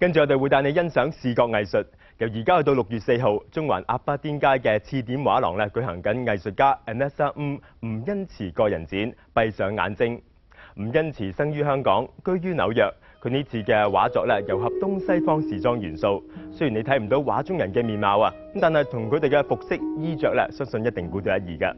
跟住我哋會帶你欣賞視覺藝術，由而家去到六月四號，中環阿巴甸街嘅刺點畫廊咧舉行緊藝術家 Anessa 吳吳欣慈個人展《閉上眼睛》。吳欣慈生於香港，居於紐約。佢呢次嘅畫作咧融合東西方時裝元素，雖然你睇唔到畫中人嘅面貌啊，咁但係同佢哋嘅服飾衣着咧，相信一定估到一二㗎。